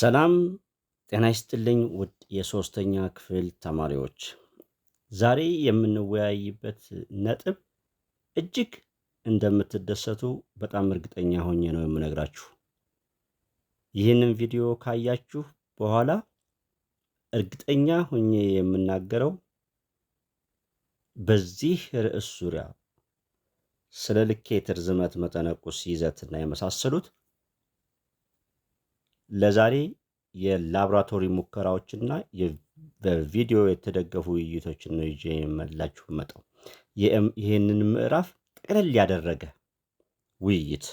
ሰላም ጤና ይስጥልኝ ውድ የሶስተኛ ክፍል ተማሪዎች፣ ዛሬ የምንወያይበት ነጥብ እጅግ እንደምትደሰቱ በጣም እርግጠኛ ሆኜ ነው የምነግራችሁ። ይህንን ቪዲዮ ካያችሁ በኋላ እርግጠኛ ሆኜ የምናገረው በዚህ ርዕስ ዙሪያ ስለ ልኬት ርዝመት፣ መጠነቁስ ቁስ፣ ይዘትና የመሳሰሉት ለዛሬ የላብራቶሪ ሙከራዎችና በቪዲዮ የተደገፉ ውይይቶችን ነው ይዤ የመላችሁ መጠው ይህንን ምዕራፍ ጠቅለል ያደረገ ውይይት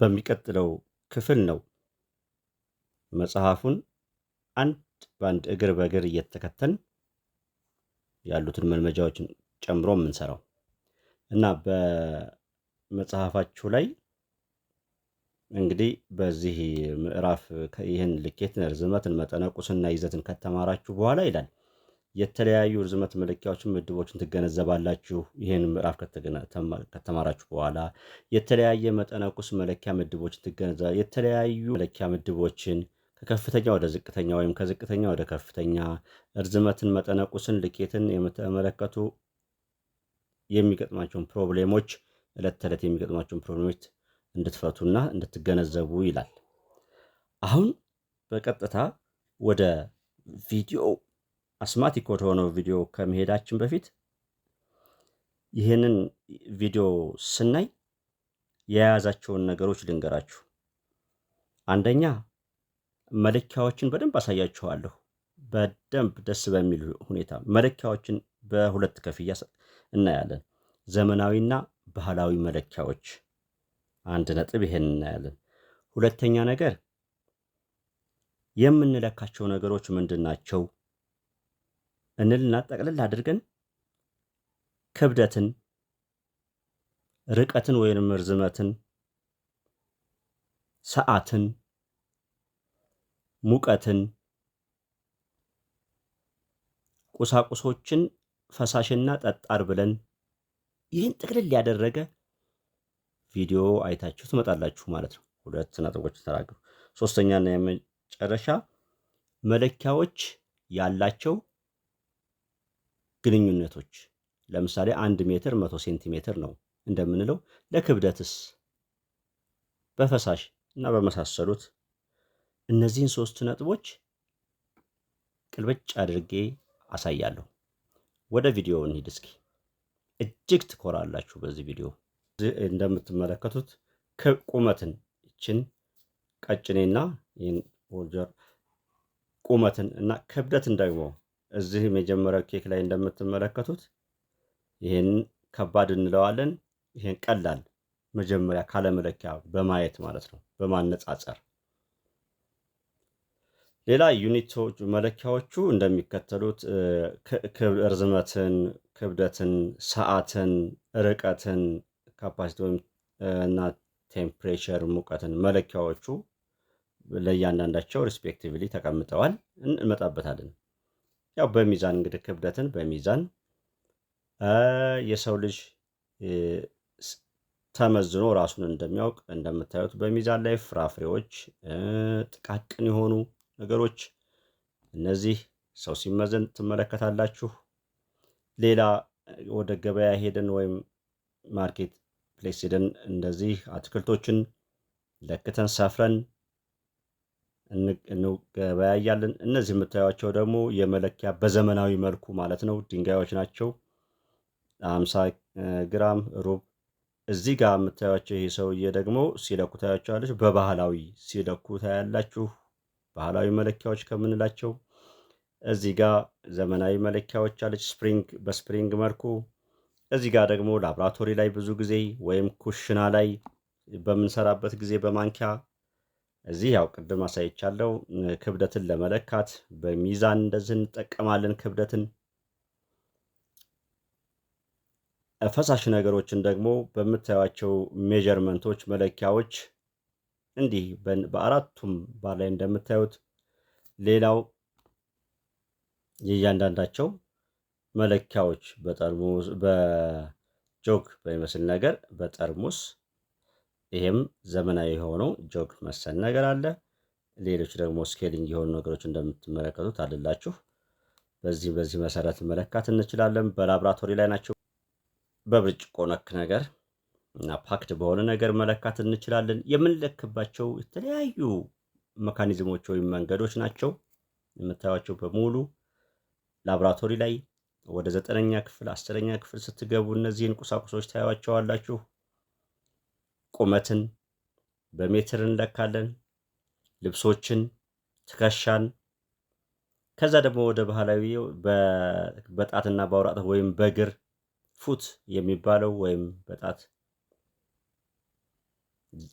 በሚቀጥለው ክፍል ነው። መጽሐፉን አንድ በአንድ እግር በእግር እየተከተን ያሉትን መልመጃዎችን ጨምሮ የምንሰራው እና በመጽሐፋችሁ ላይ እንግዲህ በዚህ ምዕራፍ ይህን ልኬትን፣ ርዝመትን፣ መጠነ ቁስና ይዘትን ከተማራችሁ በኋላ ይላል የተለያዩ ርዝመት መለኪያዎችን ምድቦችን ትገነዘባላችሁ። ይህን ምዕራፍ ከተማራችሁ በኋላ የተለያየ መጠነ ቁስ መለኪያ ምድቦችን ትገነዘባ የተለያዩ መለኪያ ምድቦችን ከከፍተኛ ወደ ዝቅተኛ ወይም ከዝቅተኛ ወደ ከፍተኛ እርዝመትን፣ መጠነ ቁስን፣ ልኬትን የምትመለከቱ የሚገጥማቸውን ፕሮብሌሞች ዕለት ተዕለት የሚገጥማቸውን ፕሮብሌሞች እንድትፈቱና እንድትገነዘቡ ይላል። አሁን በቀጥታ ወደ ቪዲዮ አስማቲክ ሆነው ቪዲዮ ከመሄዳችን በፊት ይህንን ቪዲዮ ስናይ የያዛቸውን ነገሮች ልንገራችሁ። አንደኛ መለኪያዎችን በደንብ አሳያችኋለሁ። በደንብ ደስ በሚል ሁኔታ መለኪያዎችን በሁለት ከፍያ እናያለን። ዘመናዊና ባህላዊ መለኪያዎች አንድ ነጥብ ይሄን እናያለን። ሁለተኛ ነገር የምንለካቸው ነገሮች ምንድን ናቸው እንልና ጠቅልል አድርገን ክብደትን፣ ርቀትን ወይም ርዝመትን፣ ሰዓትን፣ ሙቀትን፣ ቁሳቁሶችን ፈሳሽና ጠጣር ብለን ይህን ጥቅልል ያደረገ ቪዲዮ አይታችሁ ትመጣላችሁ ማለት ነው። ሁለት ነጥቦች ተናገሩ። ሶስተኛና የመጨረሻ መለኪያዎች ያላቸው ግንኙነቶች ለምሳሌ አንድ ሜትር መቶ ሴንቲሜትር ነው እንደምንለው ለክብደትስ በፈሳሽ እና በመሳሰሉት እነዚህን ሶስት ነጥቦች ቅልብጭ አድርጌ አሳያለሁ። ወደ ቪዲዮው እንሂድ እስኪ። እጅግ ትኮራላችሁ በዚህ ቪዲዮ። እንደምትመለከቱት ቁመትን ይችን ቀጭኔና ይህን ቦልጀር ቁመትን እና ክብደትን ደግሞ እዚህ የመጀመሪያው ኬክ ላይ እንደምትመለከቱት ይህን ከባድ እንለዋለን፣ ይህን ቀላል መጀመሪያ ካለመለኪያ በማየት ማለት ነው፣ በማነጻጸር ሌላ ዩኒቶች መለኪያዎቹ እንደሚከተሉት ርዝመትን፣ ክብደትን፣ ሰዓትን፣ ርቀትን ካፓሲቲ እና ቴምፕሬቸር ሙቀትን መለኪያዎቹ ለእያንዳንዳቸው ሪስፔክቲቭሊ ተቀምጠዋል። እንመጣበታለን። ያው በሚዛን እንግዲህ ክብደትን በሚዛን የሰው ልጅ ተመዝኖ ራሱን እንደሚያውቅ እንደምታዩት በሚዛን ላይ ፍራፍሬዎች፣ ጥቃቅን የሆኑ ነገሮች እነዚህ ሰው ሲመዘን ትመለከታላችሁ። ሌላ ወደ ገበያ ሄደን ወይም ማርኬት ፍሌክስ እንደዚህ አትክልቶችን ለክተን ሰፍረን እንገበያያለን። እነዚህ የምታዩቸው ደግሞ የመለኪያ በዘመናዊ መልኩ ማለት ነው ድንጋዮች ናቸው። አምሳ ግራም ሩብ። እዚህ ጋር የምታዩቸው ይህ ሰውዬ ደግሞ ሲለኩ ታያቸዋለች። በባህላዊ ሲለኩ ታያላችሁ። ባህላዊ መለኪያዎች ከምንላቸው እዚህ ጋር ዘመናዊ መለኪያዎች አለች። ስፕሪንግ በስፕሪንግ መልኩ እዚህ ጋር ደግሞ ላብራቶሪ ላይ ብዙ ጊዜ ወይም ኩሽና ላይ በምንሰራበት ጊዜ በማንኪያ እዚህ ያው ቅድም አሳይቻለሁ። ክብደትን ለመለካት በሚዛን እንደዚህ እንጠቀማለን። ክብደትን ፈሳሽ ነገሮችን ደግሞ በምታዩቸው ሜጀርመንቶች መለኪያዎች እንዲህ በአራቱም ባር ላይ እንደምታዩት ሌላው የእያንዳንዳቸው መለኪያዎች በጠርሙስ በጆግ በሚመስል ነገር በጠርሙስ ይሄም ዘመናዊ የሆነው ጆግ መሰል ነገር አለ። ሌሎች ደግሞ ስኬሊንግ የሆኑ ነገሮች እንደምትመለከቱት አልላችሁ። በዚህ በዚህ መሰረት መለካት እንችላለን። በላብራቶሪ ላይ ናቸው። በብርጭቆ ነክ ነገር እና ፓክድ በሆነ ነገር መለካት እንችላለን። የምንለክባቸው የተለያዩ መካኒዝሞች ወይም መንገዶች ናቸው። የምታዩቸው በሙሉ ላብራቶሪ ላይ ወደ ዘጠነኛ ክፍል አስረኛ ክፍል ስትገቡ እነዚህን ቁሳቁሶች ታያቸዋላችሁ። ቁመትን በሜትር እንለካለን፣ ልብሶችን፣ ትከሻን። ከዛ ደግሞ ወደ ባህላዊ በጣትና በአውራጣት ወይም በእግር ፉት የሚባለው ወይም በጣት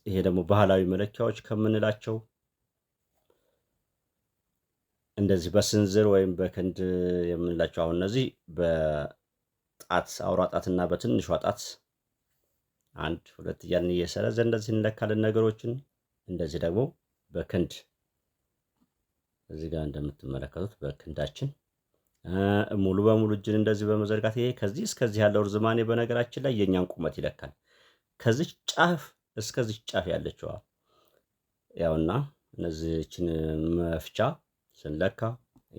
ይሄ ደግሞ ባህላዊ መለኪያዎች ከምንላቸው እንደዚህ በስንዝር ወይም በክንድ የምንላቸው አሁን እነዚህ በጣት አውራ ጣትና በትንሿ ጣት አንድ ሁለት እያልን እየሰረዘ እንደዚህ እንለካለን ነገሮችን። እንደዚህ ደግሞ በክንድ እዚህ ጋር እንደምትመለከቱት በክንዳችን ሙሉ በሙሉ እጅን እንደዚህ በመዘርጋት ይሄ ከዚህ እስከዚህ ያለው ርዝማኔ በነገራችን ላይ የእኛን ቁመት ይለካል። ከዚህ ጫፍ እስከዚህ ጫፍ ያለችዋ ያውና እነዚህችን መፍቻ ስንለካ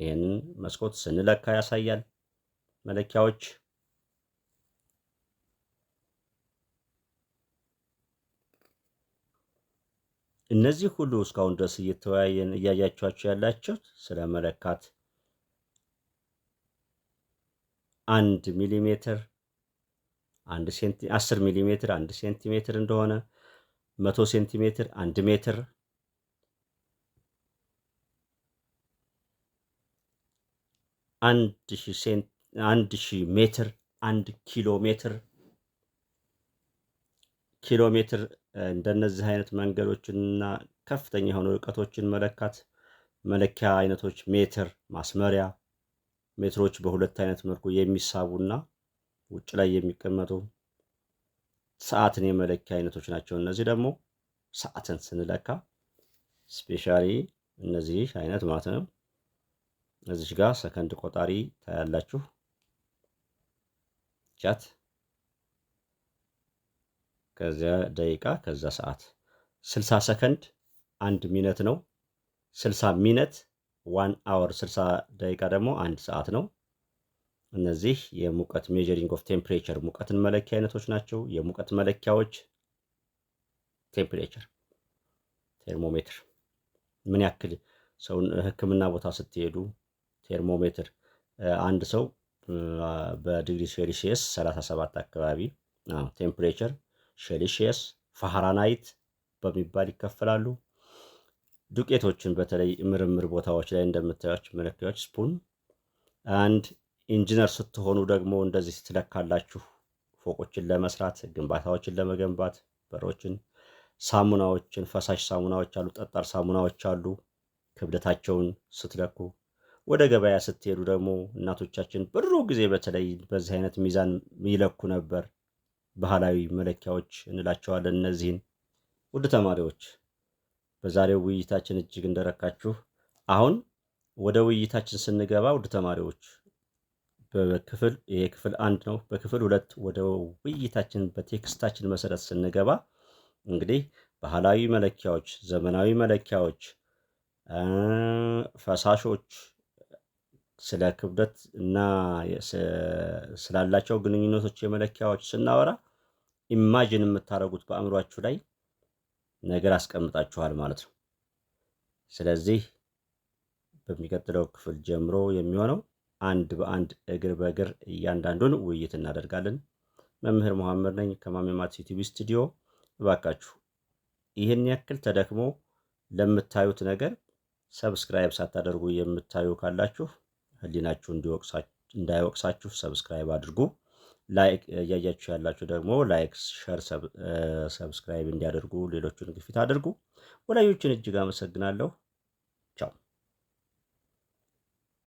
ይህን መስኮት ስንለካ ያሳያል። መለኪያዎች እነዚህ ሁሉ እስካሁን ድረስ እየተወያየን እያያችኋቸው ያላችሁት ስለ መለካት አንድ ሚሊሜትር አንድ ሴንቲ አስር ሚሊሜትር አንድ ሴንቲሜትር እንደሆነ መቶ ሴንቲሜትር አንድ ሜትር አንድ ሺ ሜትር አንድ ኪሎ ሜትር ኪሎ ሜትር እንደነዚህ አይነት መንገዶችንና ከፍተኛ የሆኑ ርቀቶችን መለካት መለኪያ አይነቶች ሜትር፣ ማስመሪያ ሜትሮች በሁለት አይነት መልኩ የሚሳቡና ውጭ ላይ የሚቀመጡ ሰዓትን የመለኪያ አይነቶች ናቸው። እነዚህ ደግሞ ሰዓትን ስንለካ ስፔሻሊ እነዚህ አይነት ማለት ነው እዚች ጋር ሰከንድ ቆጣሪ ታያላችሁ። ቻት ከዚያ ደቂቃ ከዛ ሰዓት 60 ሰከንድ አንድ ሚነት ነው። 60 ሚነት ዋን አወር፣ 60 ደቂቃ ደግሞ አንድ ሰዓት ነው። እነዚህ የሙቀት ሜጀሪንግ ኦፍ ቴምፕሬቸር ሙቀትን መለኪያ አይነቶች ናቸው። የሙቀት መለኪያዎች ቴምፕሬቸር፣ ቴርሞሜትር ምን ያክል ሰውን ሕክምና ቦታ ስትሄዱ ቴርሞሜትር አንድ ሰው በዲግሪ ሴልሺየስ 37 አካባቢ ቴምፕሬቸር ሴልሺየስ ፋህራናይት በሚባል ይከፈላሉ። ዱቄቶችን በተለይ ምርምር ቦታዎች ላይ እንደምታዩች መለኪያዎች ስፑን አንድ ኢንጂነር ስትሆኑ ደግሞ እንደዚህ ስትለካላችሁ ፎቆችን ለመስራት ግንባታዎችን ለመገንባት በሮችን፣ ሳሙናዎችን፣ ፈሳሽ ሳሙናዎች አሉ፣ ጠጣር ሳሙናዎች አሉ። ክብደታቸውን ስትለኩ ወደ ገበያ ስትሄዱ ደግሞ እናቶቻችን ብሩ ጊዜ በተለይ በዚህ አይነት ሚዛን ይለኩ ነበር። ባህላዊ መለኪያዎች እንላቸዋለን እነዚህን። ውድ ተማሪዎች በዛሬው ውይይታችን እጅግ እንደረካችሁ። አሁን ወደ ውይይታችን ስንገባ ውድ ተማሪዎች በክፍል ይሄ ክፍል አንድ ነው። በክፍል ሁለት ወደ ውይይታችን በቴክስታችን መሰረት ስንገባ እንግዲህ ባህላዊ መለኪያዎች፣ ዘመናዊ መለኪያዎች፣ ፈሳሾች ስለ ክብደት እና ስላላቸው ግንኙነቶች የመለኪያዎች ስናወራ ኢማጅን የምታደርጉት በአእምሯችሁ ላይ ነገር አስቀምጣችኋል ማለት ነው። ስለዚህ በሚቀጥለው ክፍል ጀምሮ የሚሆነው አንድ በአንድ እግር በእግር እያንዳንዱን ውይይት እናደርጋለን። መምህር መሐመድ ነኝ ከማሜማት ሲቲቪ ስቱዲዮ። እባካችሁ ይህን ያክል ተደክሞ ለምታዩት ነገር ሰብስክራይብ ሳታደርጉ የምታዩ ካላችሁ ህሊናችሁ እንዳይወቅሳችሁ ሰብስክራይብ አድርጉ። ላይክ እያያችሁ ያላችሁ ደግሞ ላይክ፣ ሸር፣ ሰብስክራይብ እንዲያደርጉ ሌሎቹን ግፊት አድርጉ። ወላጆችን እጅግ አመሰግናለሁ።